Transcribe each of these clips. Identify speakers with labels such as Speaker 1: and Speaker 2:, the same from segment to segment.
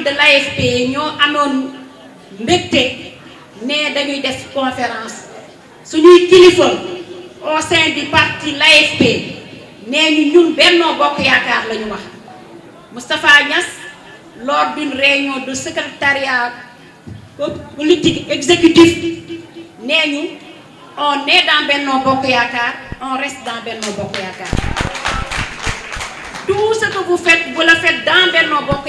Speaker 1: de l'AFP nous avons mbégte conférence. dañuy nous conférence le au sein du parti l'AFP nous avons ñun Benno Bokk Yaakaar Moustapha Agnès lors d'une réunion de secrétariat politique exécutif nous ñu on est dans Benno Bokk on reste dans Benno Bokk tout ce que vous faites vous le faites dans Benno Bokk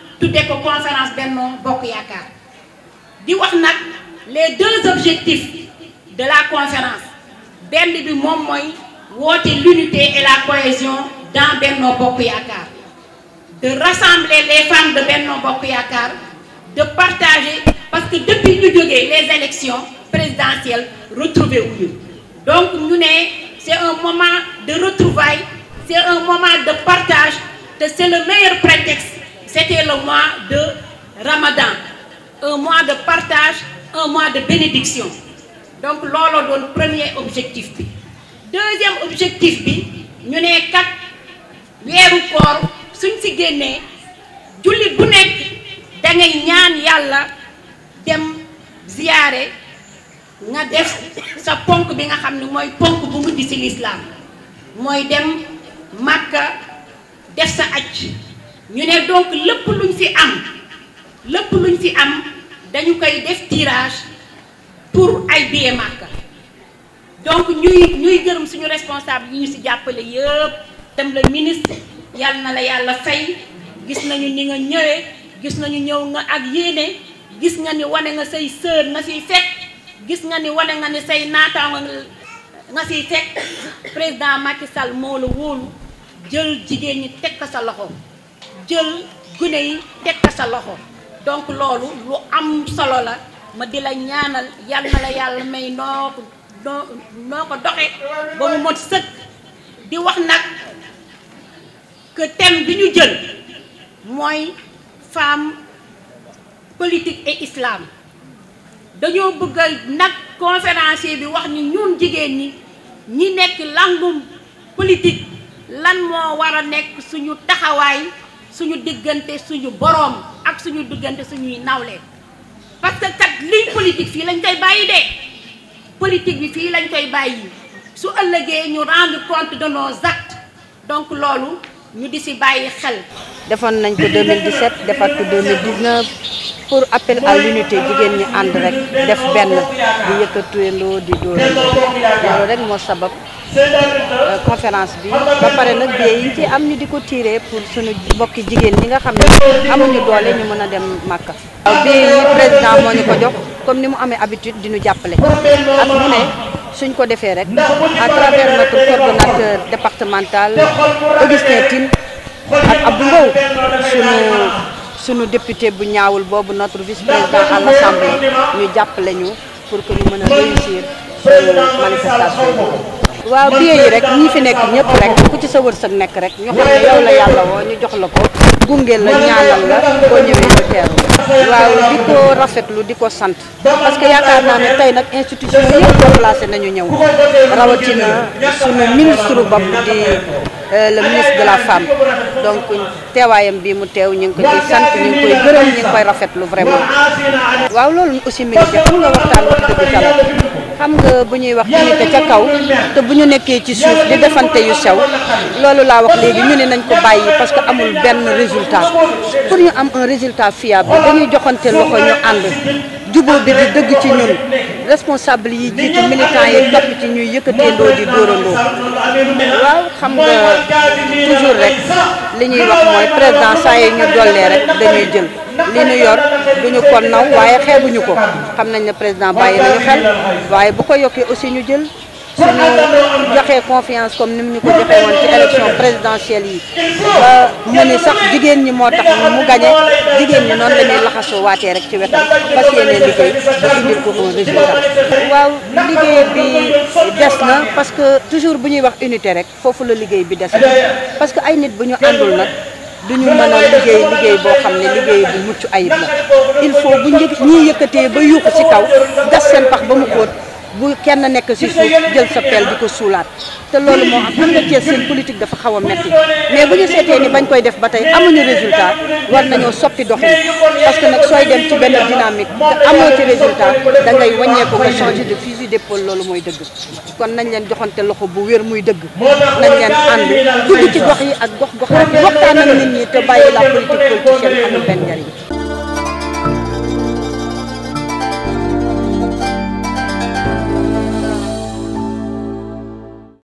Speaker 1: des conférence Benno les deux objectifs de la conférence benn l'unité et la cohésion dans Benno Bokk de rassembler les femmes de Benno Bokk de partager parce que depuis le début les élections présidentielles retrouvé lieu. donc nous c'est un moment de retrouvailles c'est un moment de partage c'est le meilleur prétexte c'était le mois de Ramadan, un mois de partage, un mois de bénédiction. Donc, c'est le premier objectif Deuxième objectif bi, ñu né kat wéru koor suñ ci génné dem nga def sa ponk bi nga xamni moy ponk bu di dem def sa ñu ne donc lépp luñ fi am lépp luñ fi am dañu koy def tirage pour ay billet Màkka ñuy ñuy gërëm suñu responsable yi ñu si jàppale yëpp dem la ministre yàlla na la yàlla fay gis nañu ni nga ñëwee gis nañu ñëw nga ak yéene gis nga ni wane nga say sœur nga siy fekk gis nga ni wane nga ni say naataango nga siy fekk président Macky Sall moo la wóolu jël jigéen ñi teg ko sa loxo. jël gune yi tek ta sa loxo donc lolu lu am solo la ma dila ñaanal yalla la yalla may noo noko doxé ko ba mu mot seuk di wax nak que thème bi jël moy femme politique et islam Donyo bëgg nak conférencier bi wax ni, ñun jigéen ni ñi nek langum politique lan mo wara nek suñu taxaway suñu diggante suñu boroom ak suñu diggante suñuy nawle parce que kat fii lañ koy bàyyi de politique bi fii lañ koy bàyyi su ëllëgee ñu rendre compte de nos actes donc loolu ñu di si bàyyi xel.
Speaker 2: defoon nañ ko 2017 defaat ko 2019 pour appel à l'unité jigéen ñi ànd rek def benn bu yëkkatuwendoo di dóor loolu rek moo sabab. Euh, conférence bi ba pare nag billets yi ci am ñu di ko tiré pour suñu mbokki jigéen ñi nga xam ne amuñu doole ñu mën a dem Màkka. bii yi président moo ñu ko jox comme ni mu amee habitude di ñu jàppale ak mu ne suñ ko defee rek à travers notre coordonnateur départemental Augustin Tine ak suñu député bu ñaawul boobu notre vice président à l'Assemblée ñu jàppale ñu pour que ñu mën a réussir suñu manifestation waaw biye yi rek ñi fi nekk ñëpp rek ku ci sa wërsëg nekk rek ñu xam ne yow la yàlla woo ñu jox la ko gungeel la ñaanal la boo ñëwee ñu teeru waaw di ko rafetlu di ko sant parce que yaakaar naa ne tey nag institution yëpp déplacé nañu ñëw rawatina suñu ministre bopp di euh, le ministre de la femme donc teewaayam bi mu teew ñu ngi ko sant ñu ngi koy gërëm ñu ngi koy rafetlu vraiment waaw loolu aussi mi ngi def nga waxtaan wax dëgg xam nga bu ñuy wax unité ca kaw te bu ñu nekkee ci suuf di defante yu sew loolu laa wax léegi ñu ne nañ ko bàyyi parce que amul benn résultat pour ñu am un résultat fiable dañuy joxante loxo ñu ànd jubóo bi di dëgg ci ñun responsable yi jiitu militant yi topp ci ñuy yëkkateendoo di dóorandoo waaw xam nga toujours rek li ñuy wax mooy président saa yi ñu dollee rek dañuy jël li ñu yor duñu ko naw waaye xeebuñu ko xam nañ ne président bàyyi nañu xel waaye bu ko yokkee aussi ñu jël suñu joxee confiance comme ni mu ñu ko joxee woon ci élection présidentielle yi ba mu ni sax jigéen ñi moo tax mu gañe jigéen ñi noon la ñuy laxasoo waatee rek ci wetam fas yéene liggéey ba indil ko un résultat waaw liggéey bi des na parce que toujours bu ñuy wax unité rek foofu la liggéey bi des na parce que ay nit bu ñu àndul nag duñu ñu a liggéey liggéey boo xam ne liggéey bu mucc ayib la il faut bu njëkk ñiy yëkkatee ba yuuxu ci kaw gas seen pax ba mu xóot bu kenn nekk si suuf jël sa peel di ko suulaat te loolu moo am xam nga Thiès seen politique dafa xaw a metti mais bu ñu seetee ni bañ koy def ba tey amuñu résultat war nañoo soppi doxin parce que nag sooy dem ci benn dynamique te amoo ci résultat da ngay wàññeeku changer de fusil d'épaule loolu mooy dëgg kon nañ leen joxante loxo bu wér muy dëgg nañ leen ànd dugg ci gox yi ak gox gox waxtaan ak nit ñi te bàyyi la politique politicienne amul benn njariñ